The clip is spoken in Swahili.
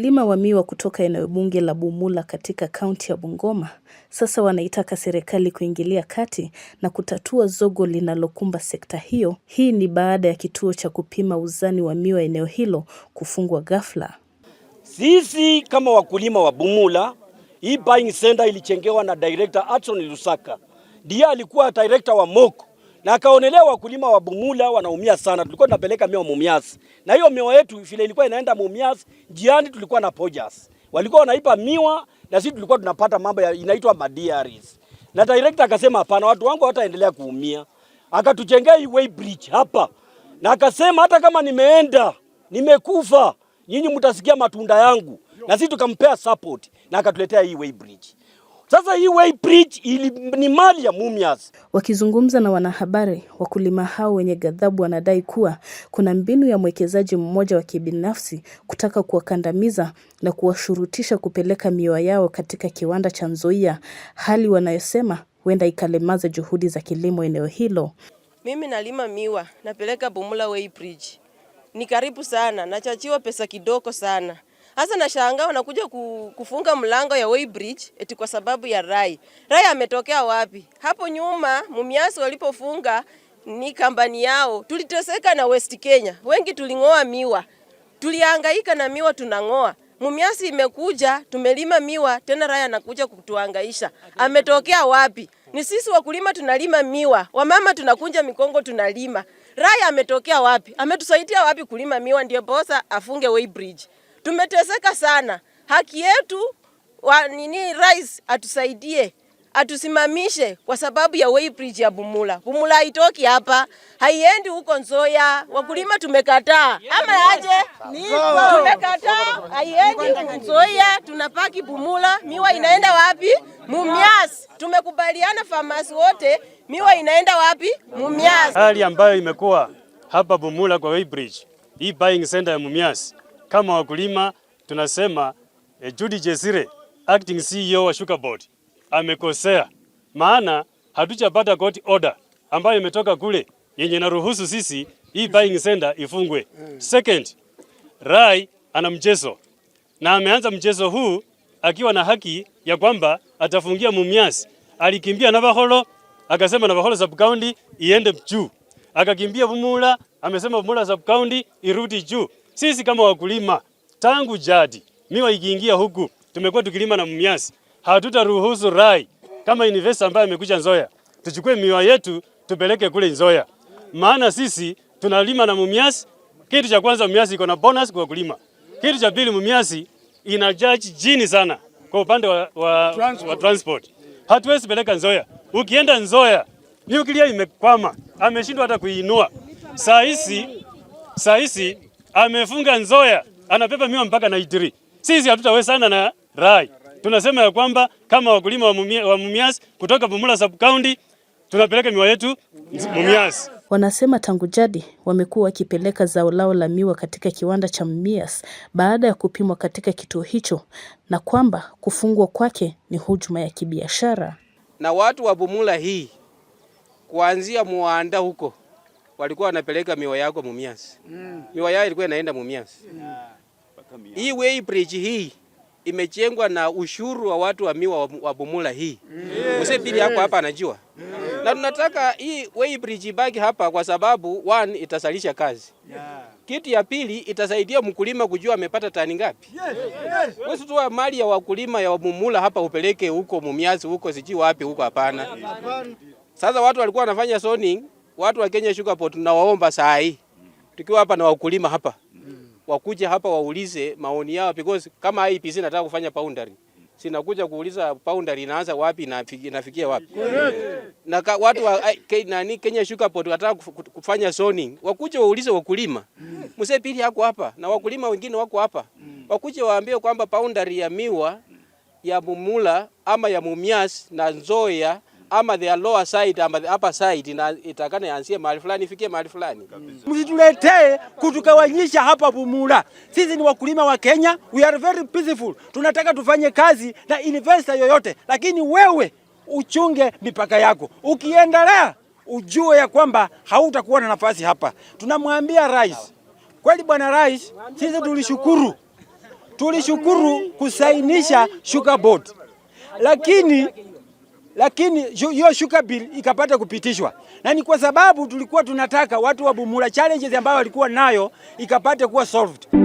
Wakulima wa miwa kutoka eneo bunge la Bumula katika kaunti ya Bungoma sasa wanaitaka serikali kuingilia kati na kutatua zogo linalokumba sekta hiyo. Hii ni baada ya kituo cha kupima uzani wa miwa eneo hilo kufungwa ghafla. Sisi kama wakulima wa Bumula, hii buying center ilichengewa na director Atson Lusaka, ndiye alikuwa director wa Moko na akaonelea wakulima wa Bumula wanaumia sana. Tulikuwa tunapeleka mioyo Mumias, na hiyo mioyo yetu vile ilikuwa inaenda Mumias, njiani tulikuwa na pojas walikuwa wanaipa miwa, na sisi tulikuwa tunapata mambo inaitwa madiaries, na director akasema hapana, watu wangu hawataendelea kuumia. Akatujengea hii way bridge hapa, na akasema hata kama nimeenda nimekufa, nyinyi mtasikia matunda yangu, na sisi tukampea support na akatuletea hii way bridge. Sasa hii way bridge ili ni mali ya Mumias. Wakizungumza na wanahabari, wakulima hao wenye ghadhabu wanadai kuwa kuna mbinu ya mwekezaji mmoja wa kibinafsi kutaka kuwakandamiza na kuwashurutisha kupeleka miwa yao katika kiwanda cha Nzoia, hali wanayosema huenda ikalemaza juhudi za kilimo eneo hilo. Mimi nalima miwa napeleka Bumula Way Bridge, ni karibu sana, nachachiwa pesa kidogo sana Hasa nashangaa wanakuja kufunga mlango ya Way Bridge eti kwa sababu ya Rai. Rai ametokea wapi? Hapo nyuma Mumias walipofunga ni kampani yao, tuliteseka na West Kenya, wengi tuling'oa miwa, Tuliangaika na miwa tunang'oa. Mumiasi imekuja tumelima miwa tena, Rai anakuja kutuangaisha. Ametokea wapi? Ni sisi wakulima tunalima miwa, wamama tunakunja mikongo tunalima. Rai ametokea wapi? Ametusaidia wapi kulima miwa ndio bosa afunge Way Bridge? Tumeteseka sana, haki yetu wa nini? Rais atusaidie atusimamishe kwa sababu ya weibriji ya Bumula. Bumula haitoki hapa, haiendi huko Nzoya. Wakulima tumekataa ama aje? Tumekataa, haiendi Nzoya, tunapaki Bumula. Miwa inaenda wapi? Mumias. Tumekubaliana farmers wote, miwa inaenda wapi? Mumias. Hali ambayo imekuwa hapa Bumula kwa weibriji hii buying center ya Mumias kama wakulima tunasema eh, Judy Jesire acting CEO wa Sugar Board amekosea, maana hatujapata court order ambayo imetoka kule yenye naruhusu sisi hii buying center ifungwe. Second, Rai ana mchezo na ameanza mchezo huu akiwa na haki ya kwamba atafungia Mumias. Alikimbia Navakholo akasema Navakholo sub county iende juu, akakimbia Bumula amesema Bumula sub county irudi juu. Sisi kama wakulima tangu jadi miwa ikiingia huku tumekuwa tukilima na mmiasi. Hatutaruhusu rai kama investor ambaye amekuja Nzoya tuchukue miwa yetu tupeleke kule Nzoya, maana sisi tunalima na mmiasi. Kitu cha kwanza, mmiasi iko na bonus kwa wakulima. Kitu cha pili, mmiasi ina judge chini sana kwa upande wa, wa, transport. wa transport. Hatuwezi peleka Nzoya. Ukienda Nzoya nyukilia imekwama, ameshindwa hata kuinua. Saa hizi saa hizi amefunga Nzoya, anabeba miwa mpaka Naitiri. Sisi hatutawezana na Rai. Tunasema ya kwamba kama wakulima wa, mumia, wa Mumias kutoka Bumula sub county tunapeleka miwa yetu Mumias. Wanasema tangu jadi wamekuwa wakipeleka zao lao la miwa katika kiwanda cha Mumias baada ya kupimwa katika kituo hicho, na kwamba kufungwa kwake ni hujuma ya kibiashara. Na watu wa Bumula hii kuanzia muanda huko walikuwa wanapeleka miwa yako Mumias. Mm. Miwa yao ilikuwa inaenda Mumias. Mm. Hii way bridge hii imejengwa na ushuru wa watu wa miwa wa Bumula hii. Mm. Yes. Mzee Billy yako hapa anajua. Mm. Na tunataka hii way bridge ibaki hapa kwa sababu one itasalisha kazi. Yeah. Kitu ya pili itasaidia mkulima kujua amepata tani ngapi. Yes. Yes. Wewe tu mali ya wakulima ya Bumula hapa upeleke huko Mumias huko siji wapi huko hapana. Yeah. Sasa watu walikuwa wanafanya zoning watu wa Kenya Sugar Board tunawaomba saa hii tukiwa hapa na wakulima hapa wakuja hapa waulize maoni yao, because kama IEBC nataka kufanya boundary sinakuja kuuliza boundary inaanza wapi na inafikia wapi, na ka, watu wa eh, nani Kenya Sugar Port wataka kufanya zoning, wakuja waulize wakulima. Mzee Pili hako hapa na wakulima wengine wako hapa, wakuja waambie kwamba boundary ya miwa ya Mumula ama ya Mumias na Nzoia ama the lower side ama the upper side na itakana yanzie mahali fulani ifikie mahali fulani. Msituletee kutukawanyisha hapa Bumula. Sisi ni wakulima wa Kenya, we are very peaceful. Tunataka tufanye kazi na investor yoyote, lakini wewe uchunge mipaka yako. Ukiendelea ujue ya kwamba hautakuwa na nafasi hapa. Tunamwambia rais kweli, bwana rais, sisi tulishukuru, tulishukuru kusainisha sugar board, lakini lakini hiyo shuka bill ikapata kupitishwa, na ni kwa sababu tulikuwa tunataka watu wa Bumula challenges ambayo walikuwa nayo ikapate kuwa solved.